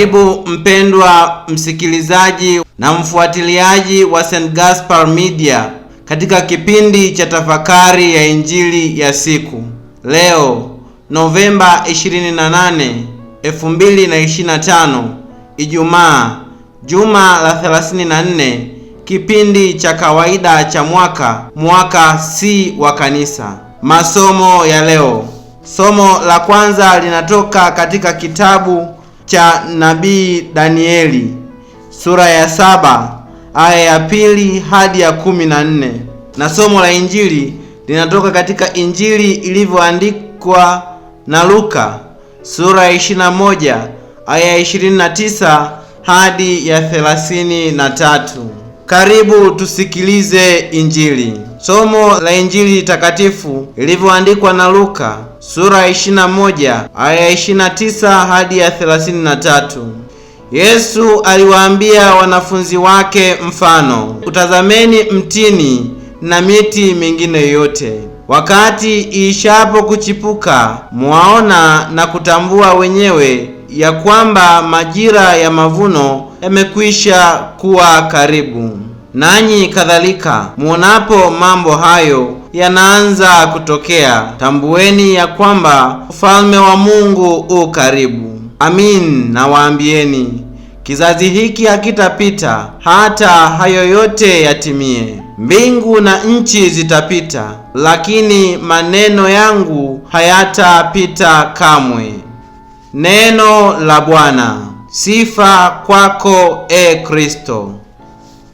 Karibu mpendwa msikilizaji na mfuatiliaji wa St. Gaspar Media katika kipindi cha tafakari ya injili ya siku. Leo Novemba 28, 2025, Ijumaa, juma la 34, kipindi cha kawaida cha mwaka, mwaka C wa kanisa. Masomo ya leo. Somo la kwanza linatoka katika kitabu cha nabii Danieli sura ya saba aya ya pili hadi ya kumi na nne na somo la injili linatoka katika Injili ilivyoandikwa na Luka sura ya 21 aya ya 29 hadi ya tatu. Karibu tusikilize Injili. Somo la Injili takatifu lilivyoandikwa na Luka sura ya 21 aya 29 hadi ya 33. Yesu aliwaambia wanafunzi wake mfano, utazameni mtini na miti mingine yote. Wakati iishapo kuchipuka, mwaona na kutambua wenyewe ya kwamba majira ya mavuno yamekwisha kuwa karibu. Nanyi kadhalika muonapo mambo hayo yanaanza kutokea, tambueni ya kwamba ufalme wa Mungu u karibu. Amin, nawaambieni kizazi hiki hakitapita hata hayo yote yatimie. Mbingu na nchi zitapita, lakini maneno yangu hayatapita kamwe. Neno la Bwana. Sifa kwako e Kristo.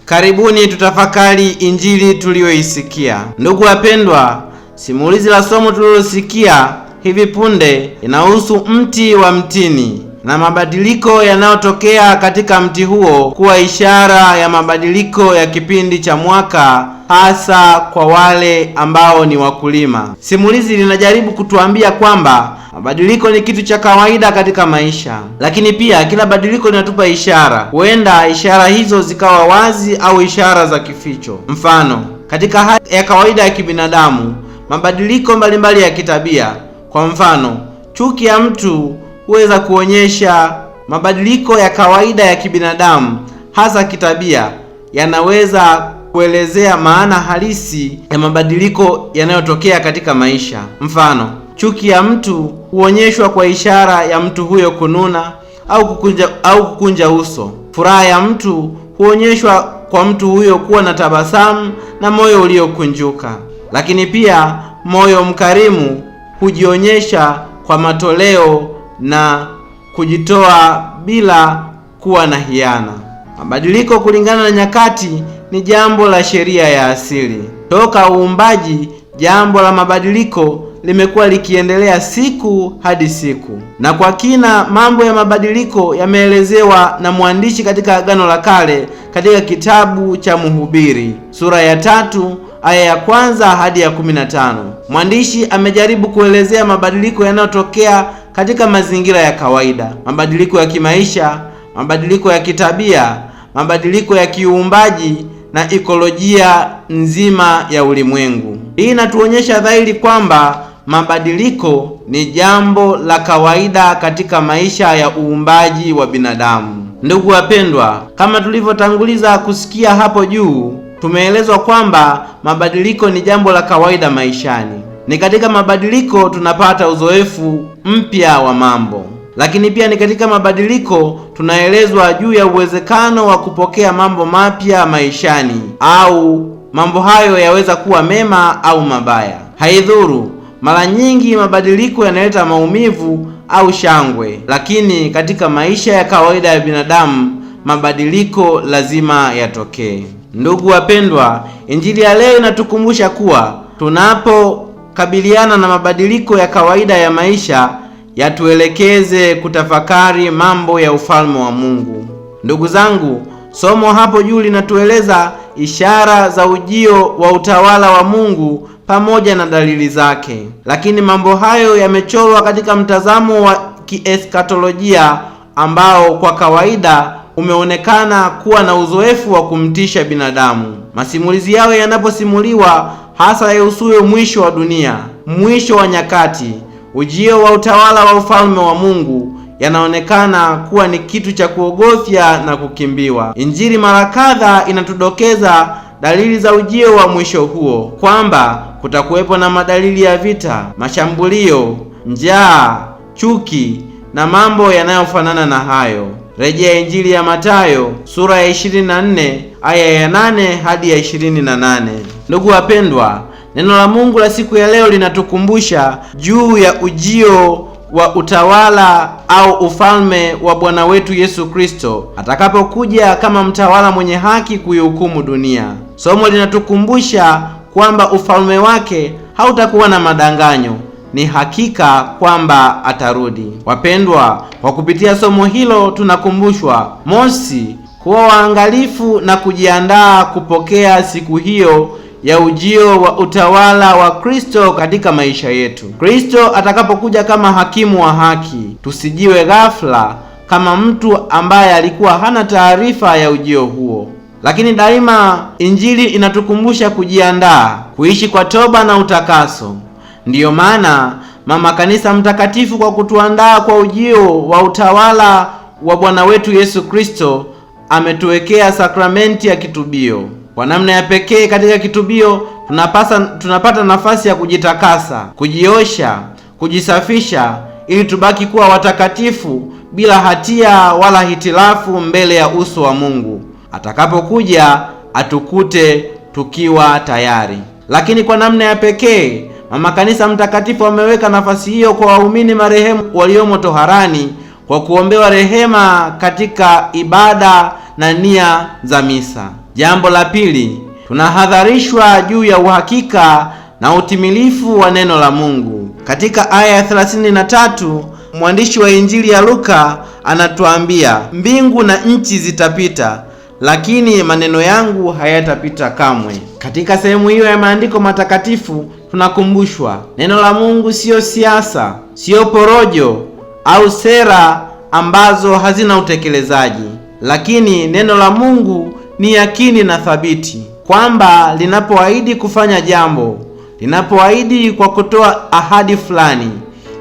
Karibuni tutafakari injili tuliyoisikia. Ndugu wapendwa, simulizi la somo tulilosikia hivi punde inahusu mti wa mtini, na mabadiliko yanayotokea katika mti huo kuwa ishara ya mabadiliko ya kipindi cha mwaka hasa kwa wale ambao ni wakulima. Simulizi linajaribu kutuambia kwamba mabadiliko ni kitu cha kawaida katika maisha, lakini pia kila badiliko linatupa ishara. Huenda ishara hizo zikawa wazi au ishara za kificho. Mfano, katika hali ya kawaida ya kibinadamu, mabadiliko mbalimbali ya kitabia, kwa mfano, chuki ya mtu huweza kuonyesha mabadiliko ya kawaida ya kibinadamu, hasa kitabia, yanaweza kuelezea maana halisi ya mabadiliko yanayotokea katika maisha. Mfano, chuki ya mtu huonyeshwa kwa ishara ya mtu huyo kununa au kukunja, au kukunja uso. Furaha ya mtu huonyeshwa kwa mtu huyo kuwa na tabasamu na moyo uliokunjuka. Lakini pia moyo mkarimu hujionyesha kwa matoleo na kujitoa bila kuwa na hiana. Mabadiliko kulingana na nyakati ni jambo la sheria ya asili. Toka uumbaji, jambo la mabadiliko limekuwa likiendelea siku hadi siku, na kwa kina mambo ya mabadiliko yameelezewa na mwandishi katika Agano la Kale katika kitabu cha Mhubiri sura ya tatu aya ya kwanza hadi ya 15. Mwandishi amejaribu kuelezea mabadiliko yanayotokea katika mazingira ya kawaida: mabadiliko ya kimaisha, mabadiliko ya kitabia, mabadiliko ya kiuumbaji na ikolojia nzima ya ulimwengu. Hii inatuonyesha dhahiri kwamba mabadiliko ni jambo la kawaida katika maisha ya uumbaji wa binadamu. Ndugu wapendwa, kama tulivyotanguliza kusikia hapo juu tumeelezwa kwamba mabadiliko ni jambo la kawaida maishani. Ni katika mabadiliko tunapata uzoefu mpya wa mambo, lakini pia ni katika mabadiliko tunaelezwa juu ya uwezekano wa kupokea mambo mapya maishani, au mambo hayo yaweza kuwa mema au mabaya, haidhuru. Mara nyingi mabadiliko yanaleta maumivu au shangwe, lakini katika maisha ya kawaida ya binadamu mabadiliko lazima yatokee. Ndugu wapendwa, injili ya leo inatukumbusha kuwa tunapokabiliana na mabadiliko ya kawaida ya maisha yatuelekeze kutafakari mambo ya ufalme wa Mungu. Ndugu zangu, somo hapo juu linatueleza ishara za ujio wa utawala wa Mungu pamoja na dalili zake, lakini mambo hayo yamechorwa katika mtazamo wa kieskatolojia ambao kwa kawaida umeonekana kuwa na uzoefu wa kumtisha binadamu. Masimulizi yao yanaposimuliwa, hasa yahusuyo mwisho wa dunia, mwisho wa nyakati, ujio wa utawala wa ufalme wa Mungu, yanaonekana kuwa ni kitu cha kuogofya na kukimbiwa. Injili mara kadha inatudokeza dalili za ujio wa mwisho huo, kwamba kutakuwepo na madalili ya vita, mashambulio, njaa, chuki na mambo yanayofanana na hayo. Rejea Injili ya Mathayo sura ya 24 aya ya 8 hadi ya 28. Ndugu wapendwa, neno la Mungu la siku ya leo linatukumbusha juu ya ujio wa utawala au ufalme wa Bwana wetu Yesu Kristo atakapokuja kama mtawala mwenye haki kuihukumu dunia. Somo linatukumbusha kwamba ufalme wake hautakuwa na madanganyo ni hakika kwamba atarudi. Wapendwa, kwa kupitia somo hilo tunakumbushwa, mosi, kuwa waangalifu na kujiandaa kupokea siku hiyo ya ujio wa utawala wa Kristo katika maisha yetu. Kristo atakapokuja kama hakimu wa haki, tusijiwe ghafla kama mtu ambaye alikuwa hana taarifa ya ujio huo. Lakini daima Injili inatukumbusha kujiandaa, kuishi kwa toba na utakaso. Ndiyo maana mama kanisa mtakatifu kwa kutuandaa kwa ujio wa utawala wa Bwana wetu Yesu Kristo ametuwekea sakramenti ya kitubio. Kwa namna ya pekee, katika kitubio tunapasa, tunapata nafasi ya kujitakasa, kujiosha, kujisafisha ili tubaki kuwa watakatifu bila hatia wala hitilafu mbele ya uso wa Mungu atakapokuja atukute tukiwa tayari. Lakini kwa namna ya pekee Mama Kanisa Mtakatifu ameweka nafasi hiyo kwa waumini marehemu waliomo toharani kwa kuombewa rehema katika ibada na nia za misa. Jambo la pili, tunahadharishwa juu ya uhakika na utimilifu wa neno la Mungu. Katika aya ya 33 mwandishi wa Injili ya Luka anatuambia, mbingu na nchi zitapita lakini maneno yangu hayatapita kamwe. Katika sehemu hiyo ya maandiko matakatifu tunakumbushwa neno la Mungu siyo siasa, siyo porojo au sera ambazo hazina utekelezaji, lakini neno la Mungu ni yakini na thabiti kwamba linapoahidi kufanya jambo, linapoahidi kwa kutoa ahadi fulani,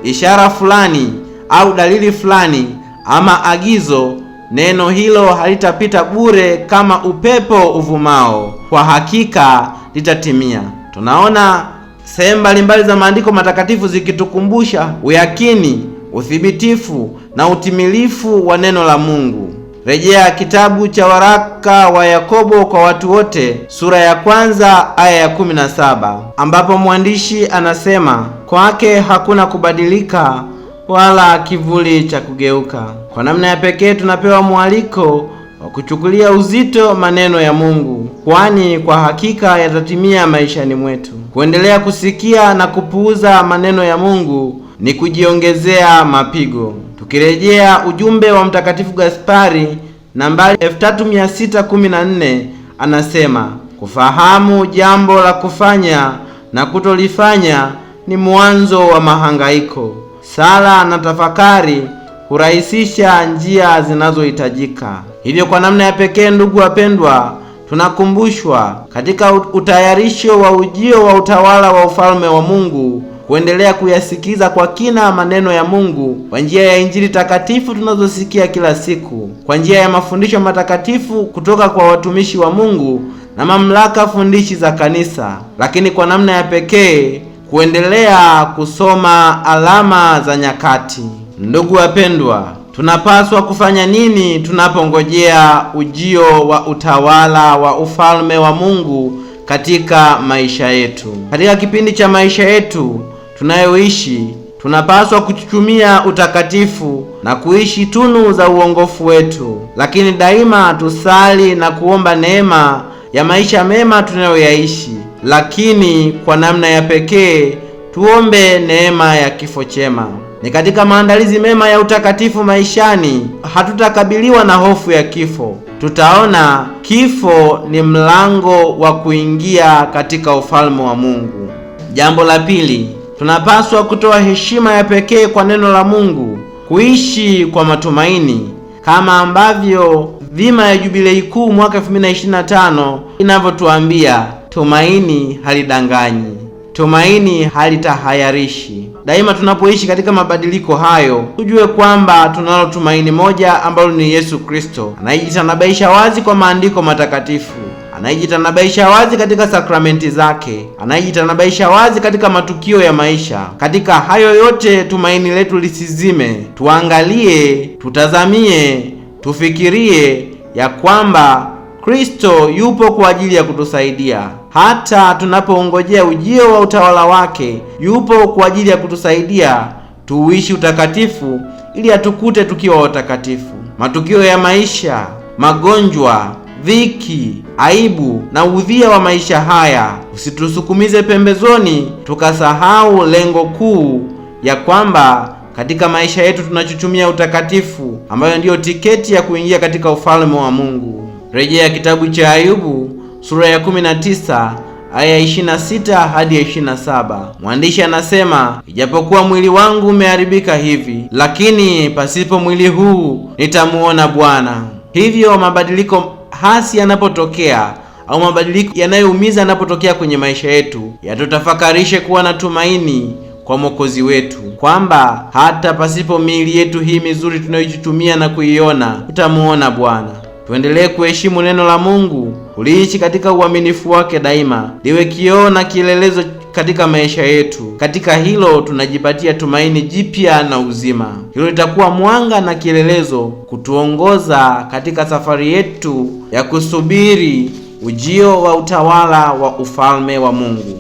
ishara fulani au dalili fulani ama agizo neno hilo halitapita bure kama upepo uvumao, kwa hakika litatimia. Tunaona sehemu mbalimbali za maandiko matakatifu zikitukumbusha uyakini, uthibitifu na utimilifu wa neno la Mungu. Rejea kitabu cha waraka wa Yakobo kwa watu wote sura ya kwanza aya ya 17 ambapo mwandishi anasema kwake hakuna kubadilika wala kivuli cha kugeuka. Kwa namna ya pekee tunapewa mwaliko wa kuchukulia uzito maneno ya Mungu, kwani kwa hakika yatatimia maishani mwetu. Kuendelea kusikia na kupuuza maneno ya Mungu ni kujiongezea mapigo. Tukirejea ujumbe wa Mtakatifu Gaspari nambari 3614 anasema, kufahamu jambo la kufanya na kutolifanya ni mwanzo wa mahangaiko sala na tafakari hurahisisha njia zinazohitajika. Hivyo, kwa namna ya pekee, ndugu wapendwa, tunakumbushwa katika utayarisho wa ujio wa utawala wa ufalme wa Mungu kuendelea kuyasikiza kwa kina maneno ya Mungu kwa njia ya Injili takatifu tunazosikia kila siku, kwa njia ya mafundisho matakatifu kutoka kwa watumishi wa Mungu na mamlaka fundishi za Kanisa, lakini kwa namna ya pekee kuendelea kusoma alama za nyakati. Ndugu wapendwa, tunapaswa kufanya nini tunapongojea ujio wa utawala wa ufalme wa Mungu katika maisha yetu? Katika kipindi cha maisha yetu tunayoishi tunapaswa kuchuchumia utakatifu na kuishi tunu za uongofu wetu, lakini daima tusali na kuomba neema ya maisha mema tunayoyaishi lakini kwa namna ya pekee tuombe neema ya kifo chema. Ni katika maandalizi mema ya utakatifu maishani, hatutakabiliwa na hofu ya kifo. Tutaona kifo ni mlango wa kuingia katika ufalme wa Mungu. Jambo la pili, tunapaswa kutoa heshima ya pekee kwa neno la Mungu, kuishi kwa matumaini kama ambavyo vima ya Jubilei Kuu mwaka 2025 inavyotuambia Tumaini halidanganyi, tumaini halitahayarishi. Daima tunapoishi katika mabadiliko hayo, tujue kwamba tunalo tumaini moja ambalo ni Yesu Kristo, anayejitanabaisha wazi kwa maandiko matakatifu, anayejitanabaisha wazi katika sakramenti zake, anayejitanabaisha wazi katika matukio ya maisha. Katika hayo yote, tumaini letu lisizime. Tuangalie, tutazamie, tufikirie ya kwamba Kristo yupo kwa ajili ya kutusaidia hata tunapoongojea ujio wa utawala wake, yupo kwa ajili ya kutusaidia tuuishi utakatifu ili atukute tukiwa watakatifu. Matukio ya maisha, magonjwa, dhiki, aibu na udhia wa maisha haya usitusukumize pembezoni tukasahau lengo kuu ya kwamba katika maisha yetu tunachuchumia utakatifu, ambayo ndiyo tiketi ya kuingia katika ufalme wa Mungu. Rejea kitabu cha Ayubu sura ya 19 aya 26 hadi 27. Mwandishi anasema, ijapokuwa mwili wangu umeharibika hivi, lakini pasipo mwili huu nitamuona Bwana. Hivyo mabadiliko hasi yanapotokea au mabadiliko yanayoumiza yanapotokea kwenye maisha yetu, yatutafakarishe kuwa na tumaini kwa Mwokozi wetu kwamba hata pasipo miili yetu hii mizuri tunayojitumia na kuiona, tutamuona Bwana. Tuendelee kuheshimu neno la Mungu, kuliishi katika uaminifu wake daima, liwe kioo na kielelezo katika maisha yetu. Katika hilo tunajipatia tumaini jipya na uzima. Hilo litakuwa mwanga na kielelezo kutuongoza katika safari yetu ya kusubiri ujio wa utawala wa ufalme wa Mungu.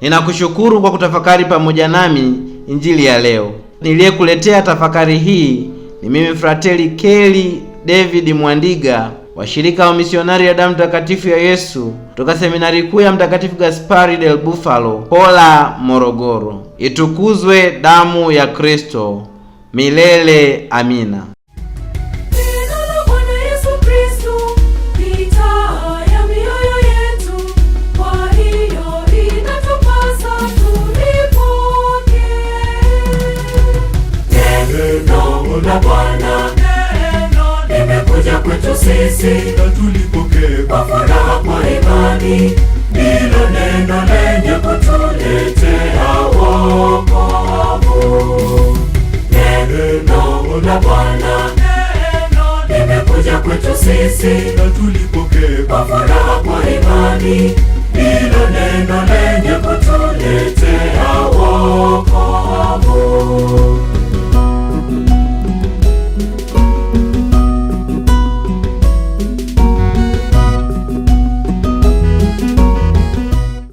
Ninakushukuru kwa kutafakari pamoja nami injili ya leo. Niliyekuletea tafakari hii ni mimi Frateli Keli David Mwandiga, washirika wa misionari ya damu takatifu ya Yesu kutoka seminari kuu ya Mtakatifu Gaspari del Bufalo, Pola, Morogoro. Itukuzwe damu ya Kristo! Milele amina! nasi na tulipokee kwa furaha kwa imani.